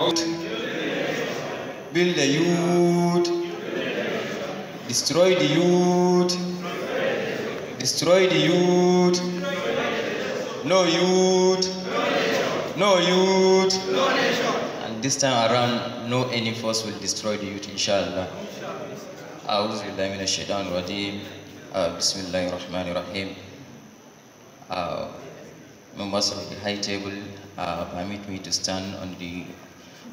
Build the youth. Destroy the youth. Destroy the youth. No youth. No youth. And this time around, no any force will destroy the youth, inshallah. أعوذ بالله من الشيطان الرجيم بسم الله الرحمن الرحيم members of the high table ah, permit me to stand on the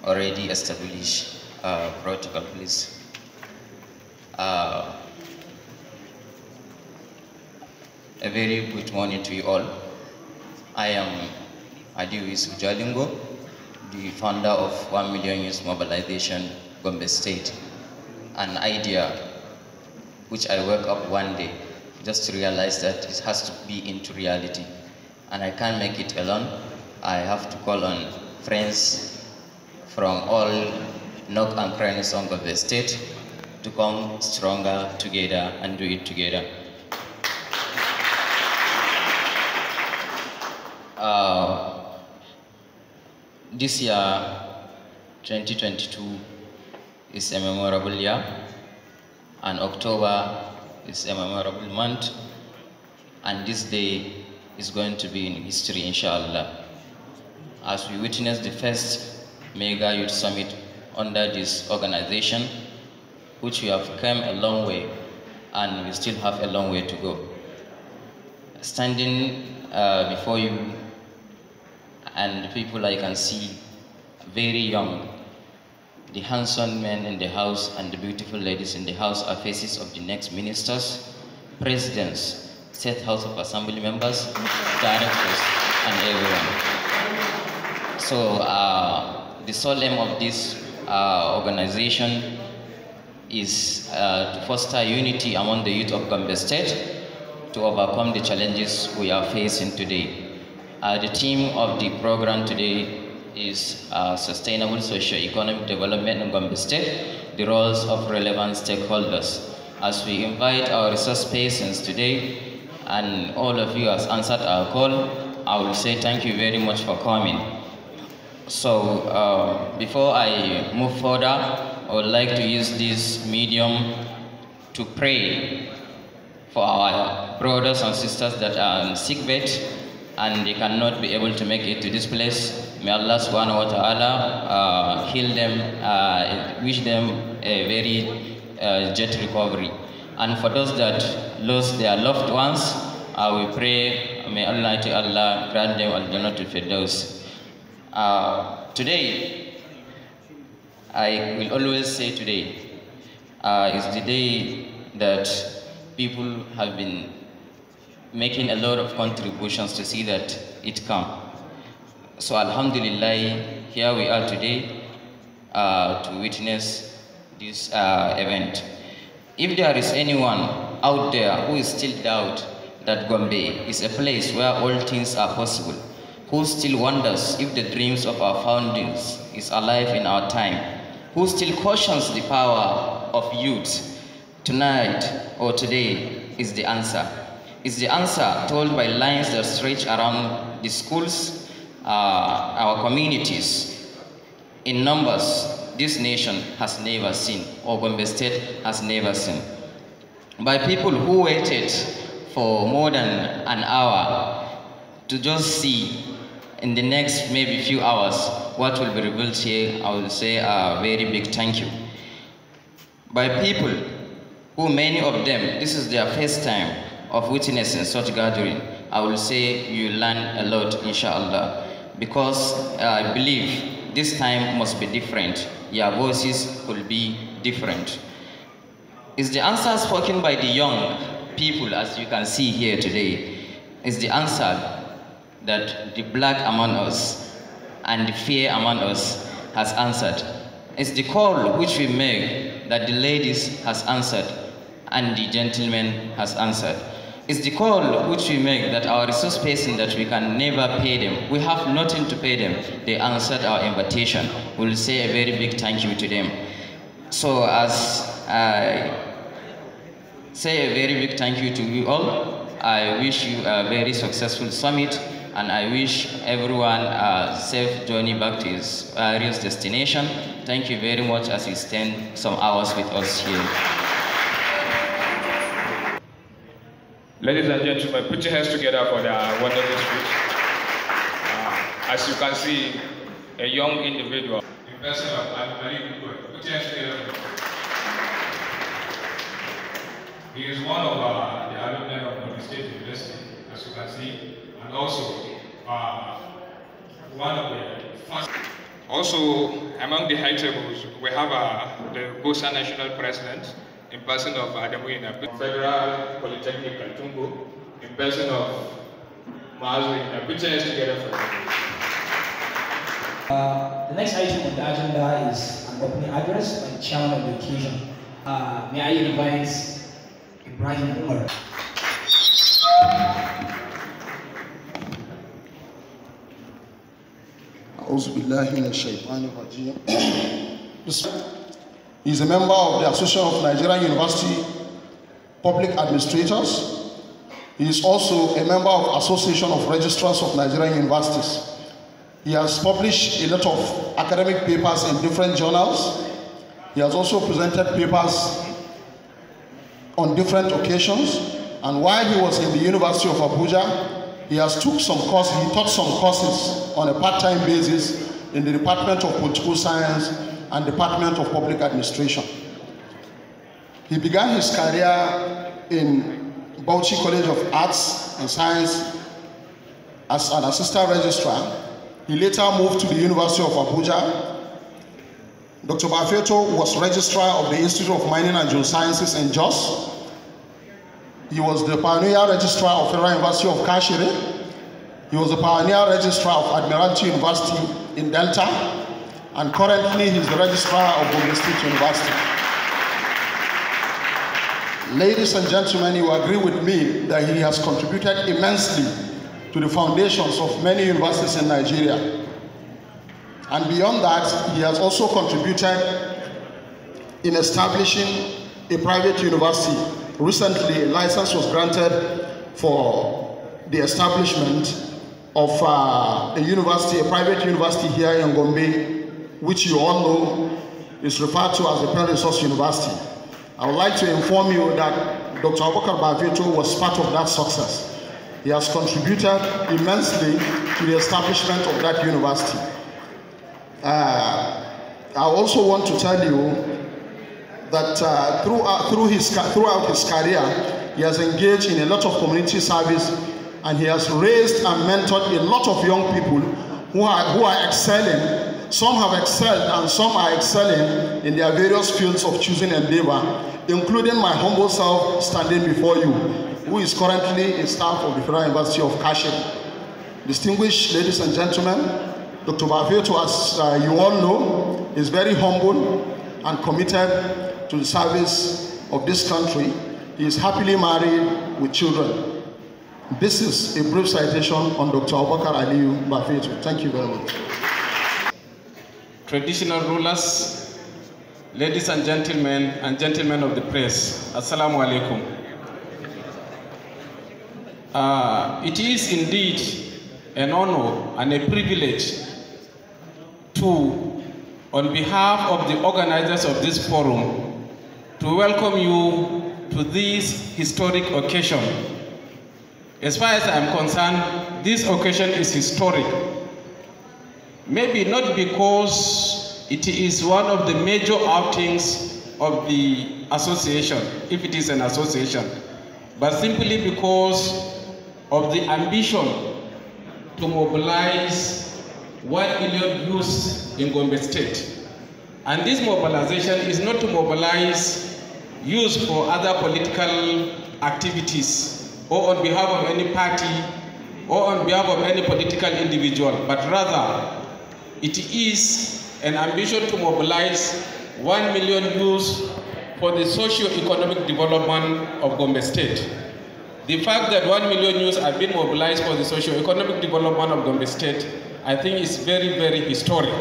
already established uh, protocol, please. Uh, a very good morning to you all. I am Adiwis Ujalingo, the founder of 1 Million Youth Mobilization Gombe State. An idea which I woke up one day just to realize that it has to be into reality. And I can't make it alone. I have to call on friends, from all nook and Song of the state to come stronger together and do it together. Uh, this year, 2022, is a memorable year, and October is a memorable month, and this day is going to be in history, inshallah. As we witness the first mega youth summit under this organization, which we have come a long way and we still have a long way to go. Standing uh, before you and people I can see very young, the handsome men in the house and the beautiful ladies in the house are faces of the next ministers, presidents, state house of assembly members, directors, and everyone. So uh, the sole aim of this uh, organization is uh, to foster unity among the youth of Gambia State to overcome the challenges we are facing today. Uh, the theme of the program today is uh, Sustainable Socio-Economic Development in Gambia State, the roles of relevant stakeholders. As we invite our resource persons today, and all of you has answered our call, I will say thank you very much for coming. So uh, before I move further, I would like to use this medium to pray for our brothers and sisters that are in sick bed and they cannot be able to make it to this place. May Allah subhanahu wa ta'ala uh, heal them, uh, wish them a very uh, jet recovery. And for those that lost their loved ones, I will pray, may Allah, Allah grant them al-jannah to Firdaus. Uh, today, I will always say today uh, is the day that people have been making a lot of contributions to see that it come. So Alhamdulillah, here we are today uh, to witness this uh, event. If there is anyone out there who is still doubt that Gombe is a place where all things are possible, who still wonders if the dreams of our foundings is alive in our time, who still cautions the power of youth, tonight or today is the answer. Is the answer told by lines that stretch around the schools, uh, our communities. In numbers, this nation has never seen, or Gombe State has never seen. By people who waited for more than an hour to just see in the next maybe few hours, what will be revealed here, I will say a very big thank you. By people who many of them, this is their first time of witnessing such gathering, I will say you learn a lot, inshallah, because uh, I believe this time must be different. Your voices will be different. Is the answer spoken by the young people, as you can see here today, is the answer that the black among us and the fair among us has answered. It's the call which we make that the ladies has answered and the gentlemen has answered. It's the call which we make that our resource person that we can never pay them. We have nothing to pay them. They answered our invitation. We'll say a very big thank you to them. So as I say a very big thank you to you all, I wish you a very successful summit and I wish everyone a safe journey back to his uh, real destination. Thank you very much as you spend some hours with us here. Ladies and gentlemen, put your hands together for the wonderful speech. Uh, as you can see, a young individual. He is one of uh, the alumni of North State University, as you can see and also uh, one of the first. Also, among the high tables, we have uh, the Bosa National President in person of Adamu Inabu, Federal Polytechnic Kaltungu in person of Mazu Inabu. together for uh, the next item on the agenda is an opening address by the chairman of the occasion. Uh, may I invite Ibrahim Umar. أعوذ بالله من الشيطان الرجيم He is a member of the Association of Nigerian University Public Administrators. He is also a member of Association of Registrars of Nigerian Universities. He has published a lot of academic papers in different journals. He has also presented papers on different occasions. And while he was in the University of Abuja, he has took some courses, he taught some courses on a part-time basis in the Department of Political Science and Department of Public Administration. He began his career in Bauchi College of Arts and Science as an assistant registrar. He later moved to the University of Abuja Dr. Bafeto was registrar of the Institute of Mining and Geosciences in Jos. He was the pioneer registrar of Federal University of Kashere. He was the pioneer registrar of Admiralty University in Delta, and currently he's the registrar of Bombay State University. Ladies and gentlemen, you agree with me that he has contributed immensely to the foundations of many universities in Nigeria. And beyond that, he has also contributed in establishing a private university recently a license was granted for the establishment of uh, a university, a private university here in Gombe, which you all know is referred to as the Penal Resource University. I would like to inform you that Dr. Abubakar Bavito was part of that success. He has contributed immensely to the establishment of that university. Uh, I also want to tell you that uh, throughout, uh, through his, throughout his career, he has engaged in a lot of community service and he has raised and mentored a lot of young people who are, who are excelling. Some have excelled and some are excelling in their various fields of choosing endeavor, including my humble self standing before you, who is currently a staff of the Federal University of Kashim. Distinguished ladies and gentlemen, Dr. Bafeto, as uh, you all know, is very humble and committed to the service of this country. He is happily married with children. This is a brief citation on Dr. Abubakar Aliyu Bafetu. Thank you very much. Traditional rulers, ladies and gentlemen, and gentlemen of the press, Assalamu alaikum. Uh, it is indeed an honor and a privilege to, on behalf of the organizers of this forum, to welcome you to this historic occasion. As far as I'm concerned, this occasion is historic. Maybe not because it is one of the major outings of the association, if it is an association, but simply because of the ambition to mobilize 1 million youths in Gombe State. And this mobilization is not to mobilize use for other political activities or on behalf of any party or on behalf of any political individual, but rather it is an ambition to mobilize 1 million youths for the socio-economic development of Gombe State. The fact that 1 million youths have been mobilized for the socio-economic development of Gombe State, I think is very, very historic.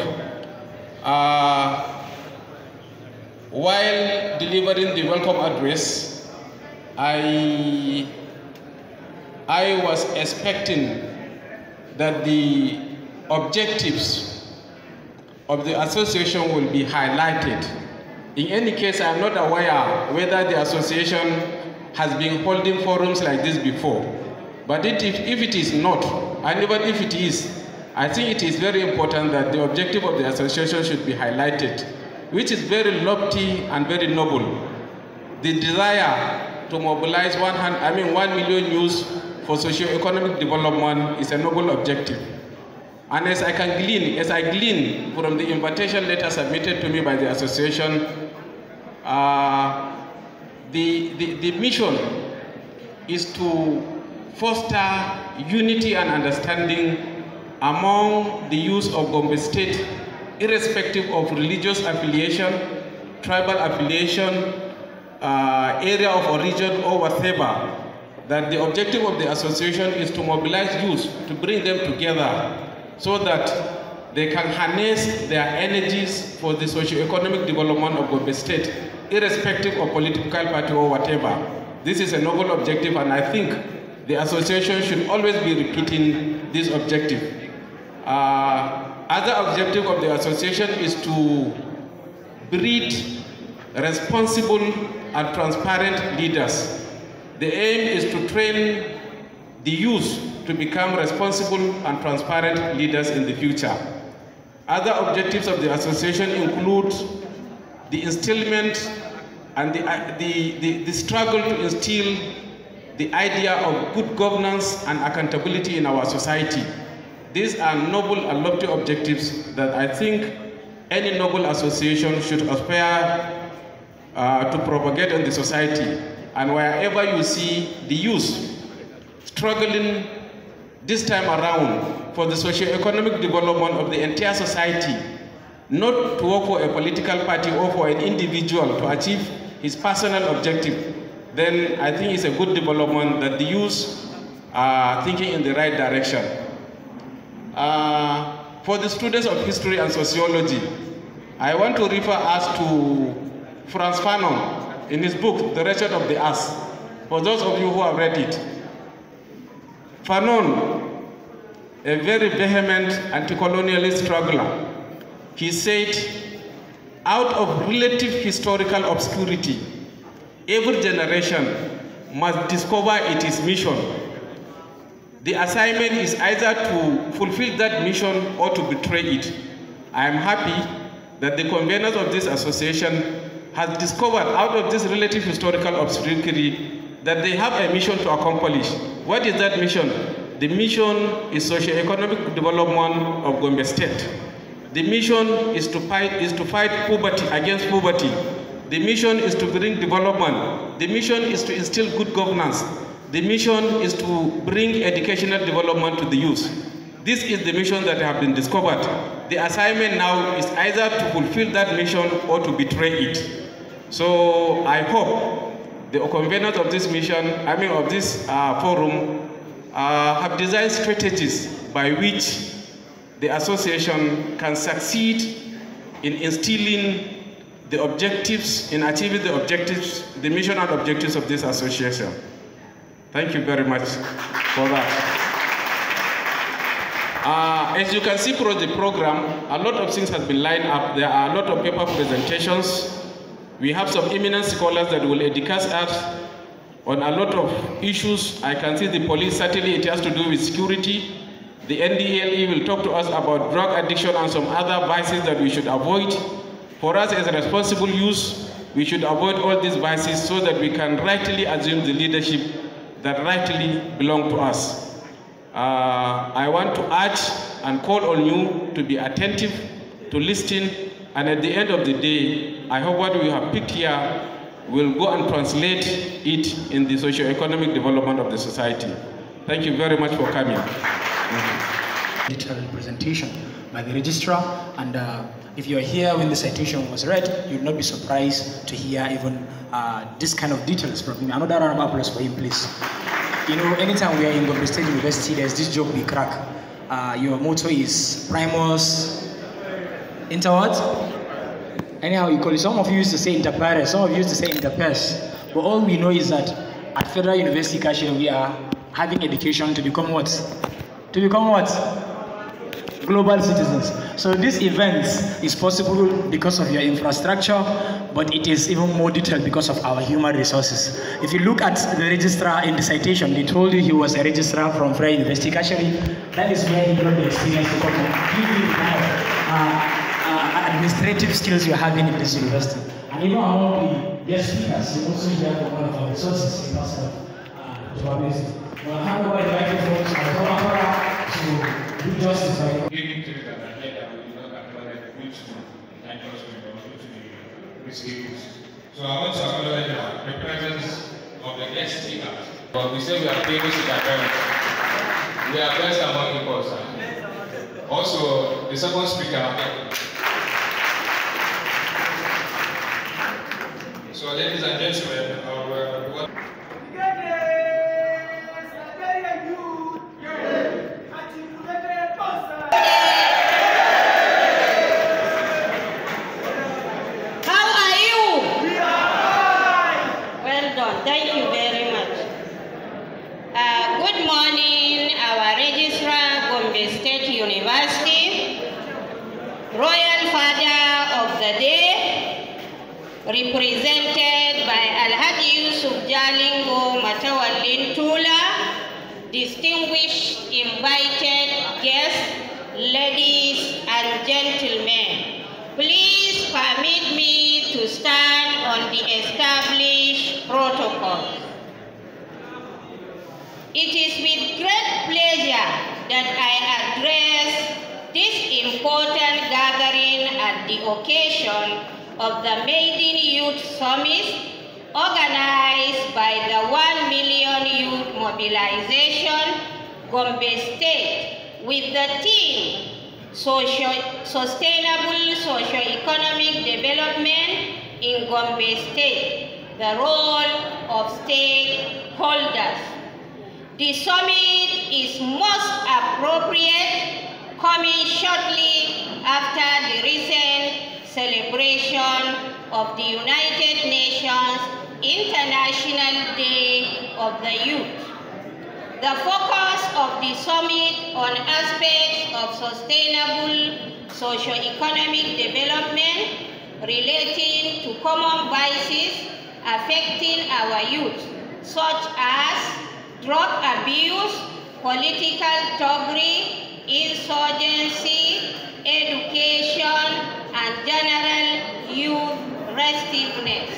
Uh, while delivering the welcome address, I, I was expecting that the objectives of the association will be highlighted. In any case, I'm not aware whether the association has been holding forums like this before. But it, if, if it is not, and even if it is, I think it is very important that the objective of the association should be highlighted which is very lofty and very noble. The desire to mobilize one, hand, I mean one million youths for socio-economic development is a noble objective. And as I can glean, as I glean from the invitation letter submitted to me by the association, uh, the, the, the mission is to foster unity and understanding among the youth of Gombe State irrespective of religious affiliation, tribal affiliation, uh, area of origin, or whatever, that the objective of the association is to mobilize youth, to bring them together so that they can harness their energies for the socio-economic development of Gombe State, irrespective of political party or whatever. This is a noble objective, and I think the association should always be repeating this objective. Uh, other objective of the association is to breed responsible and transparent leaders. The aim is to train the youth to become responsible and transparent leaders in the future. Other objectives of the association include the instillment and the, the, the, the struggle to instill the idea of good governance and accountability in our society. These are noble and lofty objectives that I think any noble association should aspire uh, to propagate in the society. And wherever you see the youth struggling this time around for the socio-economic development of the entire society, not to work for a political party or for an individual to achieve his personal objective, then I think it's a good development that the youth are thinking in the right direction. Uh, for the students of history and sociology, I want to refer us to Franz Fanon in his book, The Wretched of the Ass, for those of you who have read it. Fanon, a very vehement anti-colonialist struggler, he said, out of relative historical obscurity, every generation must discover its mission the assignment is either to fulfill that mission or to betray it. I am happy that the conveners of this association has discovered out of this relative historical obscurity that they have a mission to accomplish. What is that mission? The mission is socio-economic development of Gombe State. The mission is to fight is to fight poverty against poverty. The mission is to bring development. The mission is to instill good governance. The mission is to bring educational development to the youth. This is the mission that have been discovered. The assignment now is either to fulfill that mission or to betray it. So I hope the conveners of this mission, I mean of this uh, forum, uh, have designed strategies by which the association can succeed in instilling the objectives, in achieving the objectives, the mission and objectives of this association. Thank you very much for that. Uh, as you can see through the program, a lot of things have been lined up. There are a lot of paper presentations. We have some eminent scholars that will educate us on a lot of issues. I can see the police, certainly it has to do with security. The NDLE will talk to us about drug addiction and some other vices that we should avoid. For us as responsible youth, we should avoid all these vices so that we can rightly assume the leadership that rightly belong to us. Uh, I want to urge and call on you to be attentive, to listen, and at the end of the day, I hope what we have picked here will go and translate it in the socio-economic development of the society. Thank you very much for coming. Digital presentation by the registrar and uh, if you are here when the citation was read, you'll not be surprised to hear even uh, this kind of details from him. Another round of applause for him, please. You know, anytime we are in Gombe State University, there's this joke we crack. Uh, your motto is primus inter what? Anyhow, you call it. Some of you used to say Paris, some of you used to say interpes. But all we know is that at Federal University Kashira, we are having education to become what? To become what? global citizens. So this event is possible because of your infrastructure, but it is even more detailed because of our human resources. If you look at the registrar in the citation, they told you he was a registrar from Freya University. Actually, that is where he got the experience to come the uh, uh, administrative skills you have in this university. And even among the guest speakers, you also hear from one of our resources in uh, to our business. Well, hand over the microphone to my former to uh, so I want to acknowledge the presence of the guest speaker. But we say we are famous in our parents. We are best among equals. Also, the second speaker. So ladies and gentlemen, presented by Alhaji Yusuf Jalingo Matawalin Tula, distinguished invited guests, ladies and gentlemen. Please permit me to stand on the established protocol. It is with great pleasure that I address this important gathering at the occasion of the Maiden Youth Summit organized by the 1 Million Youth Mobilization Gombe State with the theme Social, Sustainable Socio-Economic Development in Gombe State, the role of stakeholders. The summit is most appropriate coming shortly after the recent celebration of the United Nations International Day of the Youth. The focus of the summit on aspects of sustainable socio-economic development relating to common vices affecting our youth, such as drug abuse, political thuggery, insurgency, education, and general youth restiveness.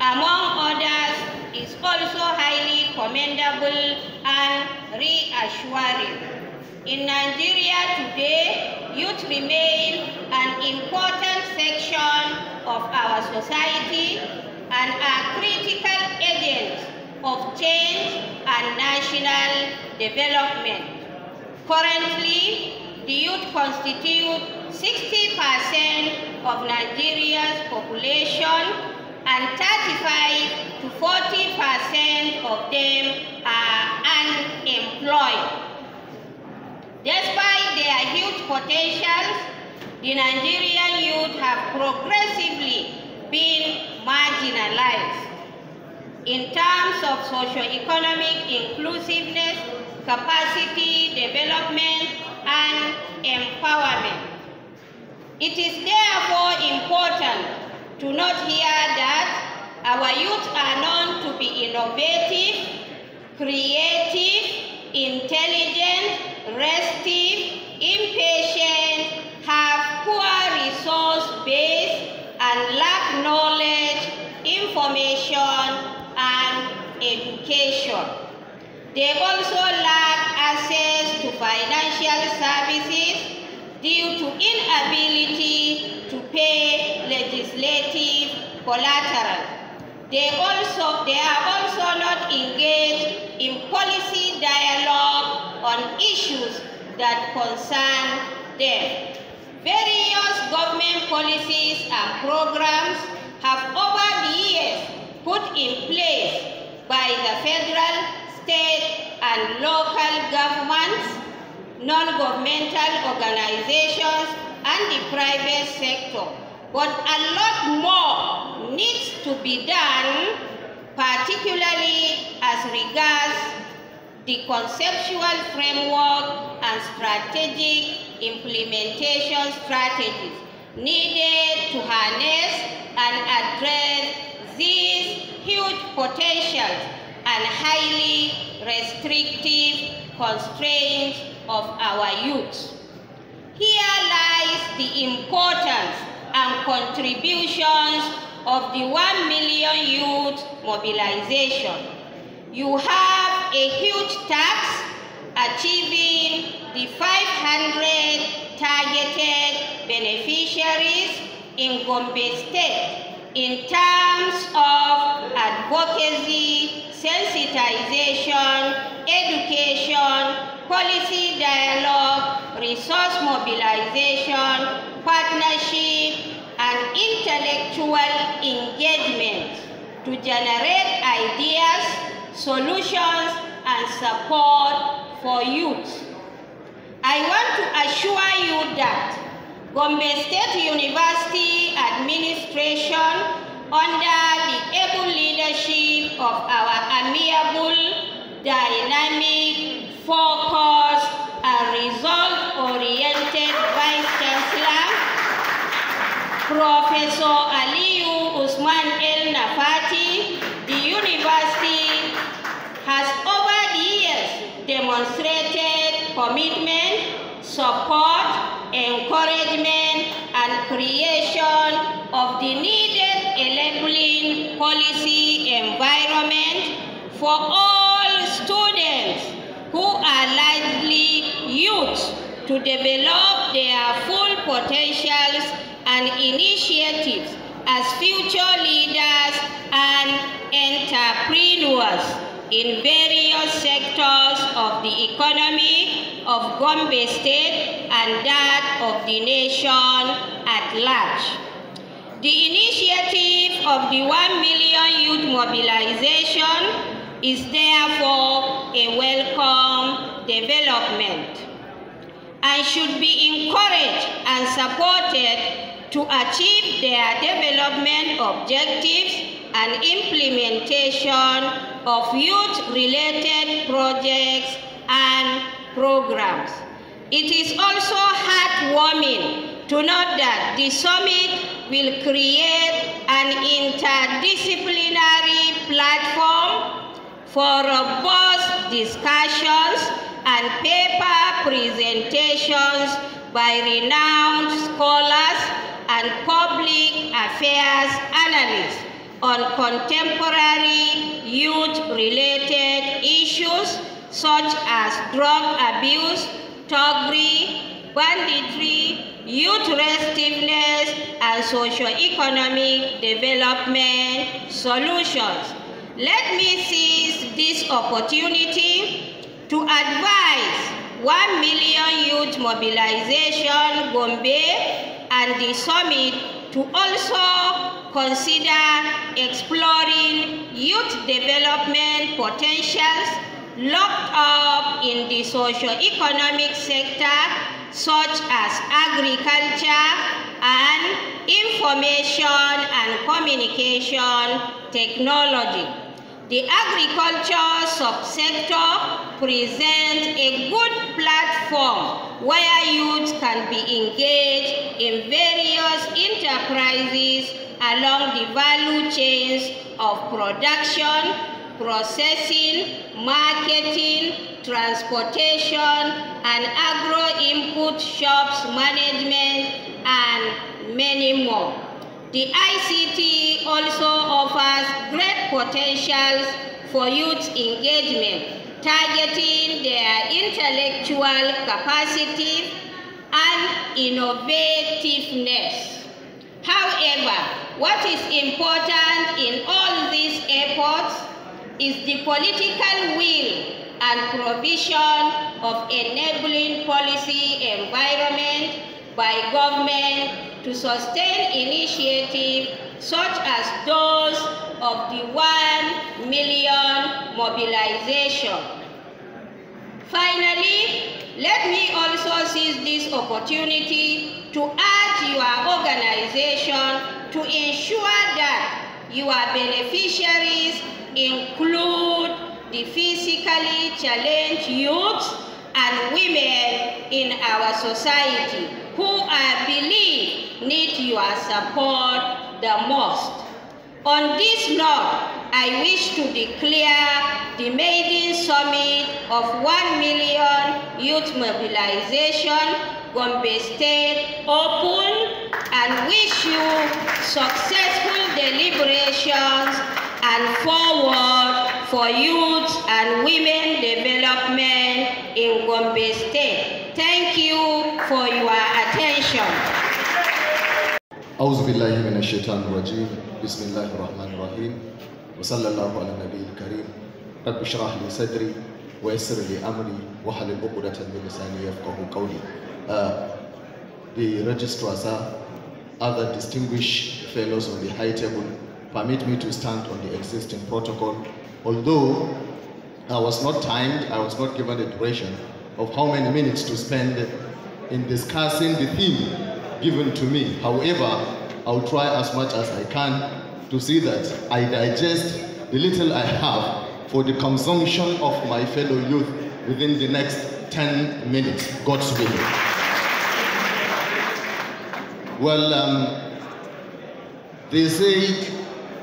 Among others, is also highly commendable and reassuring. In Nigeria today, youth remain an important section of our society and are critical agents of change and national development. Currently, the youth constitute 60% of Nigeria's population and 35 to 40% of them are unemployed. Despite their huge potentials, the Nigerian youth have progressively been marginalized. In terms of socio-economic inclusiveness, capacity development, and empowerment. It is therefore important to note here that our youth are known to be innovative, creative, intelligent, restive, impatient, have poor resource base, and lack knowledge, information, and education. They also lack access to financial services, due to inability to pay legislative collateral. They, also, they are also not engaged in policy dialogue on issues that concern them. Various government policies and programs have over the years put in place by the federal, state, and local governments non-governmental organizations, and the private sector. But a lot more needs to be done, particularly as regards the conceptual framework and strategic implementation strategies needed to harness and address these huge potentials and highly restrictive constraints of our youth. Here lies the importance and contributions of the 1 million youth mobilization. You have a huge task achieving the 500 targeted beneficiaries in Gombe State in terms of advocacy, sensitization, education, policy dialogue, resource mobilization, partnership, and intellectual engagement to generate ideas, solutions, and support for youth. I want to assure you that Gombe State University Administration, under the able leadership of our amiable, dynamic, Professor Aliu Usman El Nafati, the university has over the years demonstrated commitment, support, encouragement, and creation of the needed enabling policy environment for all students who are likely youth to develop their full potentials and initiatives as future leaders and entrepreneurs in various sectors of the economy of Gombe State and that of the nation at large. The initiative of the 1 million youth mobilization is therefore a welcome development and should be encouraged and supported to achieve their development objectives and implementation of youth-related projects and programs. It is also heartwarming to note that the summit will create an interdisciplinary platform for robust discussions and paper presentations by renowned scholars and public affairs analyst on contemporary youth-related issues such as drug abuse, thuggery, banditry, youth restiveness, and socio-economic development solutions. Let me seize this opportunity to advise 1 million youth mobilization Gombe and the summit to also consider exploring youth development potentials locked up in the socio-economic sector such as agriculture and information and communication technology. The agriculture subsector presents a good platform where youth can be engaged in various enterprises along the value chains of production, processing, marketing, transportation, and agro-input shops management, and many more. The ICT also offers great potentials for youth engagement targeting their intellectual capacity and innovativeness. However, what is important in all these efforts is the political will and provision of enabling policy environment by government to sustain initiatives such as those of the 1 million mobilization. Finally, let me also seize this opportunity to urge your organization to ensure that your beneficiaries include the physically challenged youths and women in our society who I believe need your support the most. On this note, I wish to declare the maiden summit of 1 million youth mobilization Gombe State open and wish you successful deliberations and forward for youth and women development in Gombe State. Thank you for your attention. بسم الله الرحمن الرحيم وصلى الله على النبي الكريم رب اشرح لي صدري ويسر لي امري واحلل عقدة من لساني يفقهوا قولي The registrar, sir, other distinguished fellows on the high table, permit me to stand on the existing protocol. Although I was not timed, I was not given a duration of how many minutes to spend in discussing the theme given to me. However, I'll try as much as I can to see that I digest the little I have for the consumption of my fellow youth within the next 10 minutes, God's will. Well, um, they say,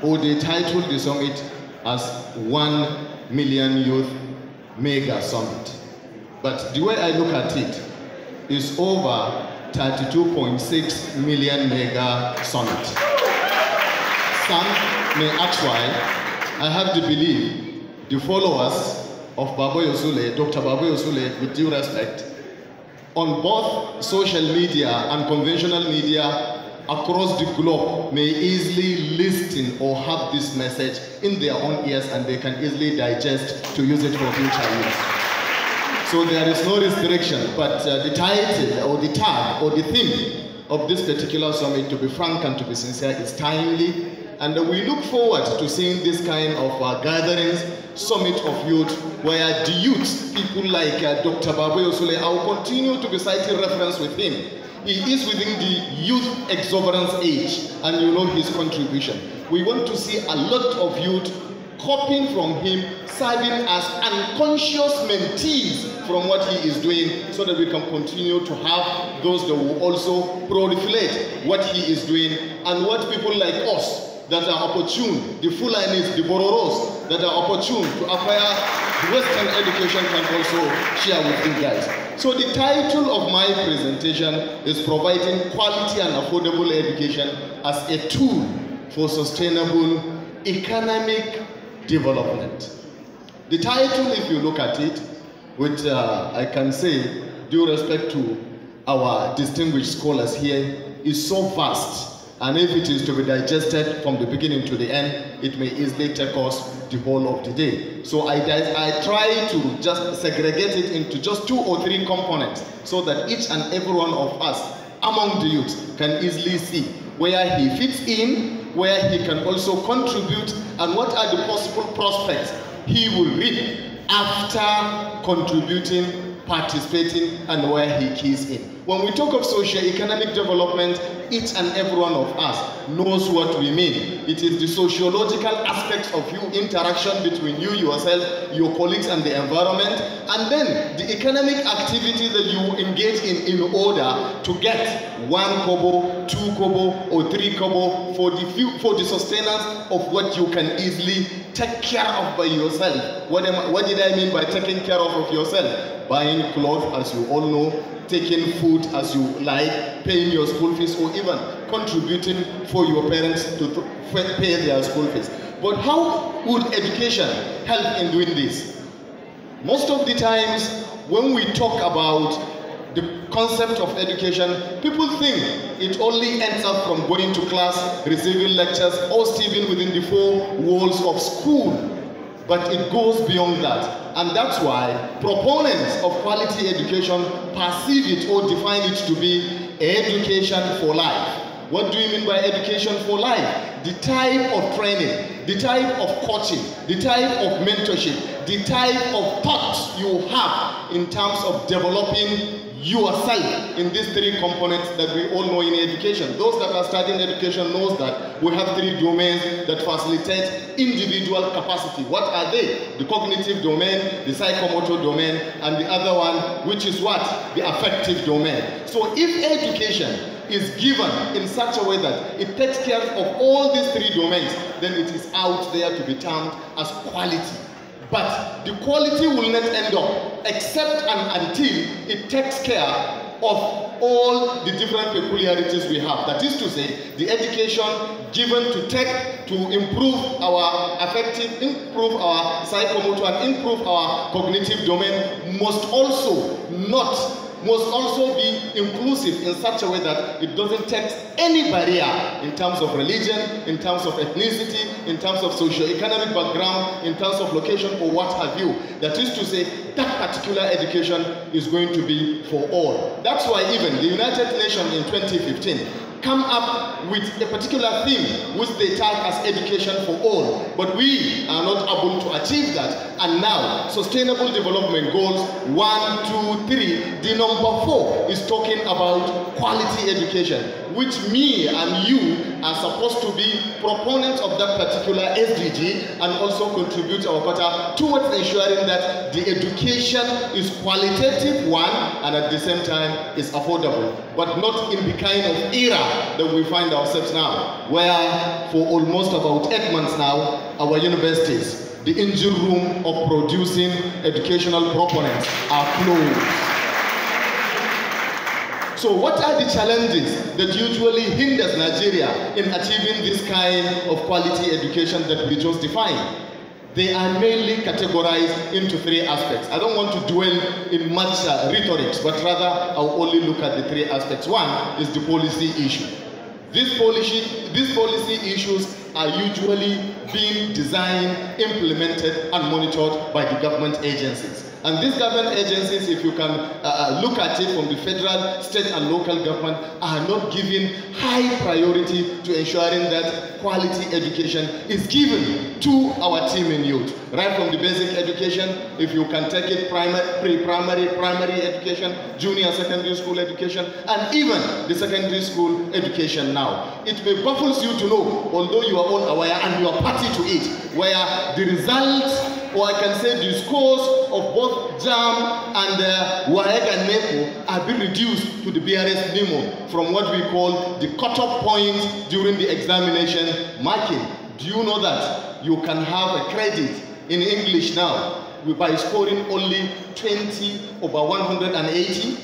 or they titled the summit as One Million Youth Mega Summit. But the way I look at it is over 32.6 million mega sonnet. Some may ask why I have to believe the followers of Babo Yosule, Dr. Babo Yosule, with due respect, on both social media and conventional media across the globe may easily listen or have this message in their own ears and they can easily digest to use it for future use. So there is no restriction, but uh, the title or the tag or the theme of this particular summit, to be frank and to be sincere, is timely. And we look forward to seeing this kind of uh, gatherings, summit of youth, where the youth, people like uh, Dr. Babu Sule, I will continue to be citing reference with him. He is within the youth exuberance age, and you know his contribution. We want to see a lot of youth copying from him, serving as unconscious mentees from what he is doing so that we can continue to have those that will also proliferate what he is doing and what people like us that are opportune, the Fulanis, the Bororos, that are opportune to acquire Western education can also share with you guys. So the title of my presentation is Providing Quality and Affordable Education as a Tool for Sustainable Economic development. The title, if you look at it, which uh, I can say, due respect to our distinguished scholars here, is so vast. And if it is to be digested from the beginning to the end, it may easily take us the whole of the day. So I, I try to just segregate it into just two or three components so that each and every one of us among the youth can easily see where he fits in where he can also contribute and what are the possible prospects he will reap after contributing participating and where he keys in. When we talk of socio-economic development, each and every one of us knows what we mean. It is the sociological aspects of you interaction between you, yourself, your colleagues and the environment, and then the economic activity that you engage in in order to get one kobo, two kobo, or three kobo for the, few, for the sustenance of what you can easily take care of by yourself. What, am, what did I mean by taking care of, of yourself? buying clothes, as you all know, taking food as you like, paying your school fees, or even contributing for your parents to pay their school fees. But how would education help in doing this? Most of the times, when we talk about the concept of education, people think it only ends up from going to class, receiving lectures, or staying within the four walls of school but it goes beyond that. And that's why proponents of quality education perceive it or define it to be education for life. What do you mean by education for life? The type of training, the type of coaching, the type of mentorship, the type of thoughts you have in terms of developing yourself in these three components that we all know in education. Those that are studying education knows that we have three domains that facilitate individual capacity. What are they? The cognitive domain, the psychomotor domain, and the other one, which is what? The affective domain. So if education is given in such a way that it takes care of all these three domains, then it is out there to be termed as quality but the quality will not end up except and until it takes care of all the different peculiarities we have. That is to say, the education given to tech to improve our affective, improve our psychomotor, and improve our cognitive domain must also not must also be inclusive in such a way that it doesn't take any barrier in terms of religion, in terms of ethnicity, in terms of social, economic background, in terms of location or what have you. That is to say, that particular education is going to be for all. That's why even the United Nations in 2015 come up with a particular theme which they tag as education for all. But we are not able to achieve that. And now, sustainable development goals one, two, three the number four is talking about quality education, which me and you are supposed to be proponents of that particular SDG and also contribute our part towards ensuring that the education is qualitative one and at the same time is affordable, but not in the kind of era that we find ourselves now, where for almost about eight months now, our universities the engine room of producing educational proponents are closed. So what are the challenges that usually hinders Nigeria in achieving this kind of quality education that we just defined? They are mainly categorized into three aspects. I don't want to dwell in much uh, rhetoric, but rather I'll only look at the three aspects. One is the policy issue. These policy, these policy issues are usually being designed, implemented, and monitored by the government agencies. And these government agencies, if you can uh, uh, look at it from the federal, state, and local government, are not giving high priority to ensuring that quality education is given to our team in youth. Right from the basic education, if you can take it primary, pre-primary, primary education, junior secondary school education, and even the secondary school education now. It may baffles you to know, although you are all aware and you are party to it, where the results, or I can say the scores of both Jam and uh, Waeg Nepo have been reduced to the barest minimum from what we call the cutoff point during the examination marking. Do you know that you can have a credit in English now by scoring only 20 over 180?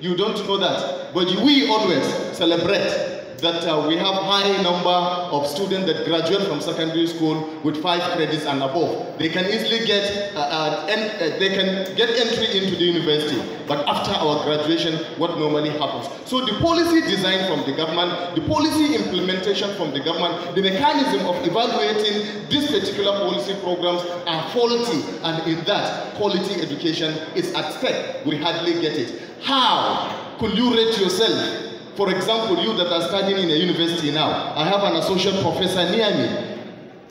You don't know that, but we always celebrate that uh, we have high number of students that graduate from secondary school with five credits and above. They can easily get, uh, uh, en uh, they can get entry into the university, but after our graduation, what normally happens? So the policy design from the government, the policy implementation from the government, the mechanism of evaluating these particular policy programs are faulty, and in that, quality education is at stake. We hardly get it. How could you rate yourself for example, you that are studying in a university now, I have an associate professor near me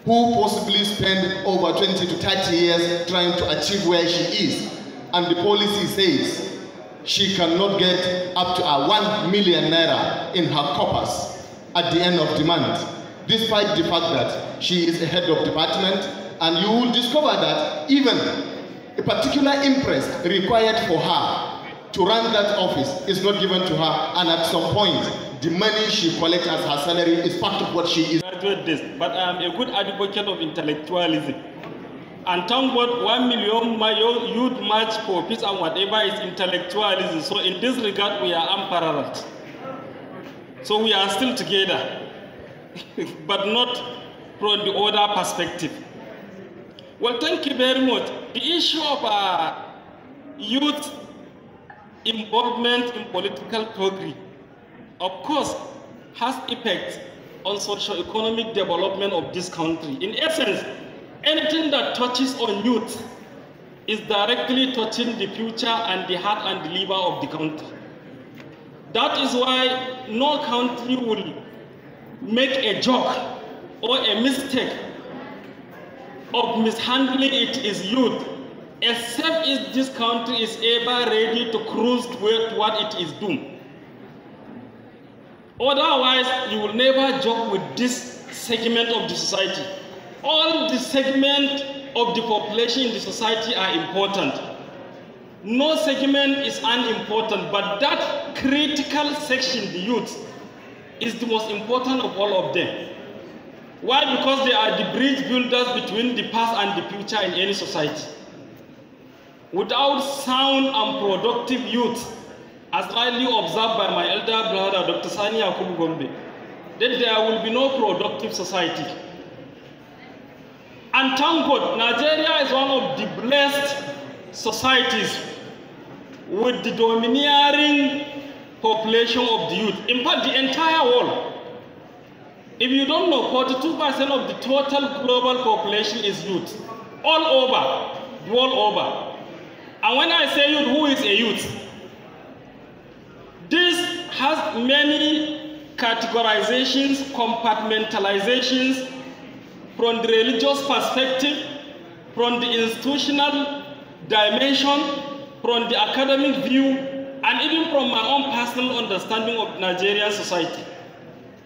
who possibly spent over 20 to 30 years trying to achieve where she is. And the policy says she cannot get up to a 1 million naira in her corpus at the end of the month, despite the fact that she is a head of department. And you will discover that even a particular interest required for her to run that office is not given to her, and at some point, the money she collects as her salary is part of what she is. this, but I am a good advocate of intellectualism. And thank God, one million youth march for peace and whatever is intellectualism. So in this regard, we are unparalleled. So we are still together, but not from the other perspective. Well, thank you very much. The issue of uh, youth involvement in political progress, of course, has effects on socio-economic development of this country. In essence, anything that touches on youth is directly touching the future and the heart and the liver of the country. That is why no country will make a joke or a mistake of mishandling it is youth except if this country is ever ready to cruise toward what it is doing. Otherwise, you will never joke with this segment of the society. All the segments of the population in the society are important. No segment is unimportant, but that critical section, the youth, is the most important of all of them. Why? Because they are the bridge builders between the past and the future in any society without sound and productive youth, as rightly observed by my elder brother, Dr. Sani Yakubu Gombe, there will be no productive society. And thank God, Nigeria is one of the blessed societies with the domineering population of the youth. In fact, the entire world. If you don't know, 42% of the total global population is youth, all over, the world over. And when I say youth, who is a youth? This has many categorizations, compartmentalizations from the religious perspective, from the institutional dimension, from the academic view, and even from my own personal understanding of Nigerian society.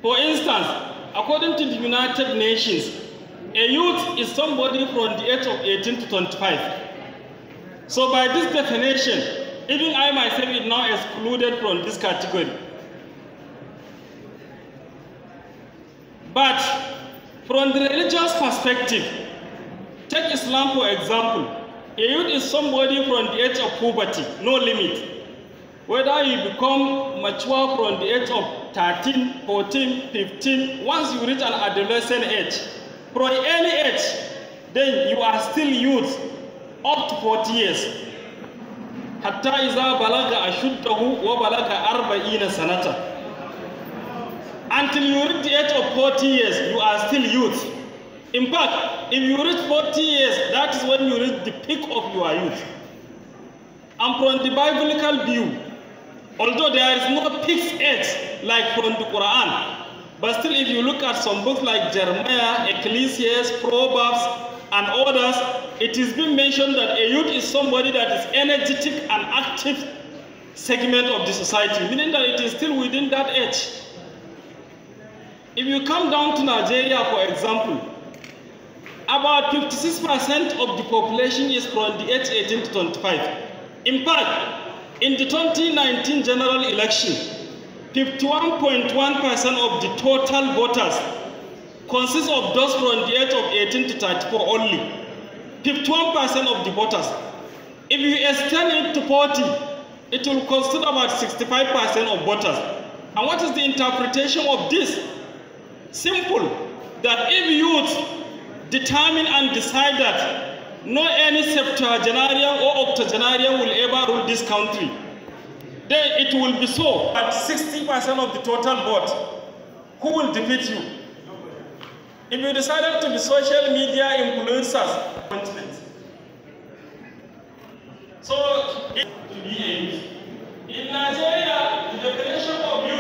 For instance, according to the United Nations, a youth is somebody from the age of 18 to 25. So by this definition, even I myself is now excluded from this category. But from the religious perspective, take Islam for example. A youth is somebody from the age of puberty, no limit. Whether you become mature from the age of 13, 14, 15, once you reach an adolescent age, from any age, then you are still youth up to 40 years hatta iza balaga ashuddahu wa balaga arba'ina sanata until you reach the age of 40 years you are still youth in fact if you reach 40 years that is when you reach the peak of your youth and from the biblical view although there is no fixed age like from the quran but still if you look at some books like jeremiah ecclesiastes proverbs and others, it is being mentioned that a youth is somebody that is energetic and active segment of the society, meaning that it is still within that age. If you come down to Nigeria, for example, about 56% of the population is from the age 18 to 25. In fact, in the 2019 general election, 51.1% of the total voters consists of those from the age of 18 to 34 only. 51% of the voters. If you extend it to 40, it will constitute about 65% of voters. And what is the interpretation of this? Simple, that if youth determine and decide that no any septuagenarian or octogenarian will ever rule this country, then it will be so. At 60% of the total vote, who will defeat you? If you decided to be social media influencers, appointment. So, it, to be a In Nigeria, the definition of